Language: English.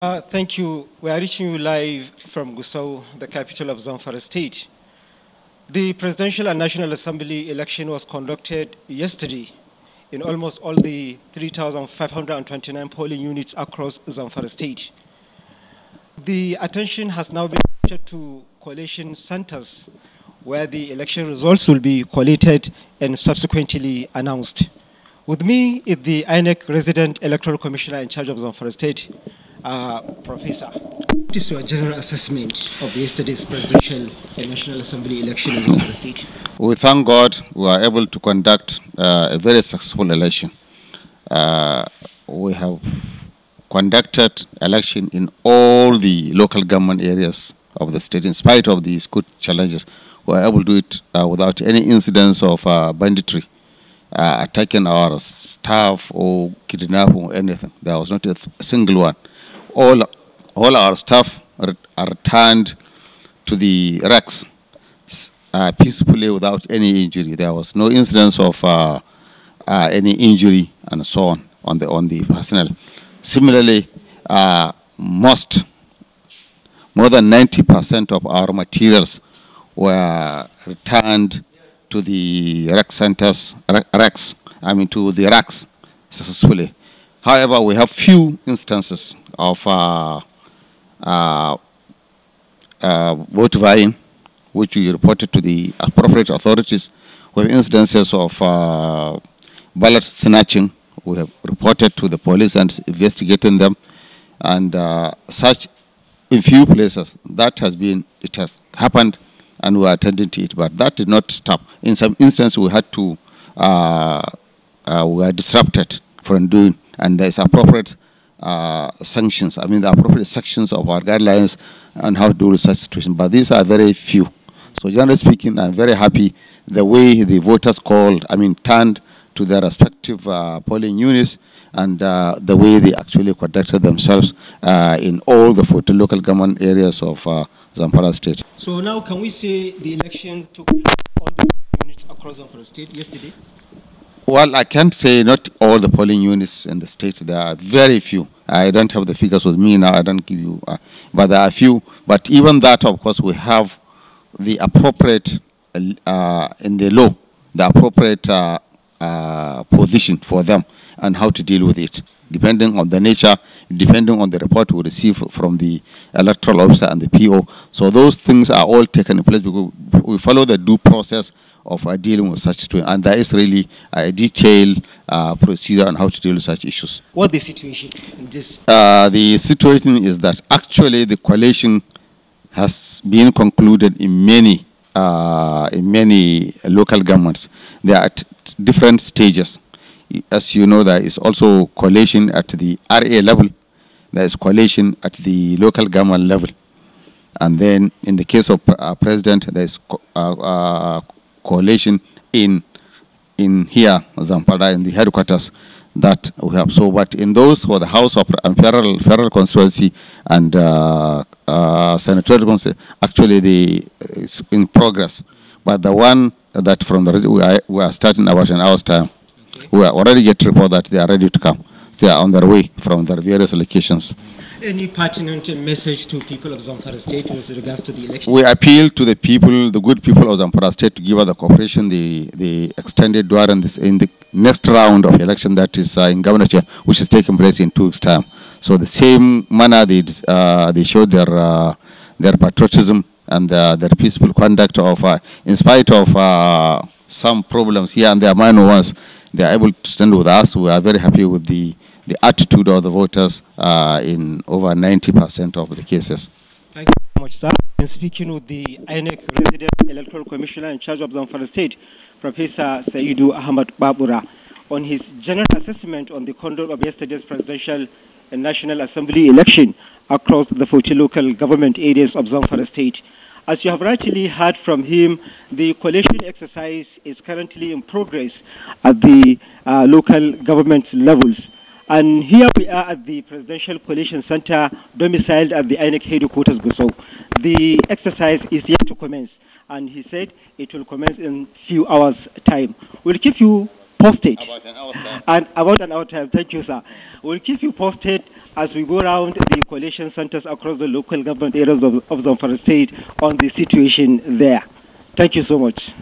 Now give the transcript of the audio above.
Uh, thank you. We are reaching you live from Gusau, the capital of Zamfara State. The Presidential and National Assembly election was conducted yesterday in almost all the 3,529 polling units across Zamfara State. The attention has now been shifted to collation centers where the election results will be collated and subsequently announced. With me is the INEC resident electoral commissioner in charge of Zamfara State, uh, Professor, what is your general assessment of yesterday's presidential and National Assembly election in the state? We thank God we were able to conduct uh, a very successful election. Uh, we have conducted election in all the local government areas of the state in spite of these good challenges. We were able to do it uh, without any incidents of uh, banditry. Uh, attacking our staff or kidnapping or anything. There was not a single one all, all our staff are, returned to the racks uh, peacefully without any injury. There was no incidence of uh, uh, any injury and so on on the, on the personnel. Similarly, uh, most, more than 90% of our materials were returned to the rec centers, racks, I mean to the racks successfully. However, we have few instances of uh, uh, uh, vote buying, which we reported to the appropriate authorities, We have instances of uh, ballot snatching. We have reported to the police and investigating them, and uh, such in few places. That has been, it has happened, and we are attending to it, but that did not stop. In some instances, we had to, uh, uh, we were disrupted from doing, and there's appropriate uh, sanctions, I mean the appropriate sections of our guidelines on how to deal with such situations. But these are very few. So generally speaking, I'm very happy the way the voters called, I mean turned to their respective uh, polling units and uh, the way they actually conducted themselves uh, in all the 40 local government areas of uh, Zamfara state. So now can we say the election took place all the units across Zamfara state yesterday? Well, I can't say not all the polling units in the state. There are very few. I don't have the figures with me now. I don't give you, uh, but there are few. But even that, of course, we have the appropriate uh, in the law, the appropriate uh, uh position for them and how to deal with it depending on the nature, depending on the report we receive from the electoral officer and the PO. So those things are all taken in place because we follow the due process of uh, dealing with such situation. And there is really a detailed uh, procedure on how to deal with such issues. What the situation in this? Uh, the situation is that actually the coalition has been concluded in many uh, in many local governments. They are at different stages as you know, there is also collation at the RA level, there is collation at the local government level. And then in the case of uh, president, there is co uh, uh, collation in in here, Zampara, in the headquarters that we have. So, but in those for the House of um, federal, federal constituency and uh, uh, senatorial constituency, actually the uh, it's in progress. But the one that from the we are, we are starting about an hour's time we already get report that they are ready to come. They are on their way from their various locations. Any pertinent message to people of Zamfara State with regards to the election? We appeal to the people, the good people of Zamfara State, to give us the cooperation the the extended during this in the next round of election that is uh, in governorship, which is taking place in two weeks' time. So the same manner they uh, they showed their uh, their patriotism and uh, their peaceful conduct of, uh, in spite of. Uh, some problems here and there, minor ones, they are able to stand with us. We are very happy with the, the attitude of the voters uh, in over 90% of the cases. Thank you very much, sir. In speaking with the INEC resident electoral commissioner in charge of Zamfara State, Professor Saidu Ahmad Babura, on his general assessment on the conduct of yesterday's presidential and National Assembly election across the 40 local government areas of Zamfara State. As you have rightly heard from him, the coalition exercise is currently in progress at the uh, local government levels. And here we are at the Presidential Coalition Center, domiciled at the INEC headquarters, So, The exercise is yet to commence, and he said it will commence in a few hours' time. We'll keep you posted. About an hour time. And an hour time. Thank you, sir. We'll keep you posted as we go around the coalition centers across the local government areas of, of Zamfara State on the situation there. Thank you so much.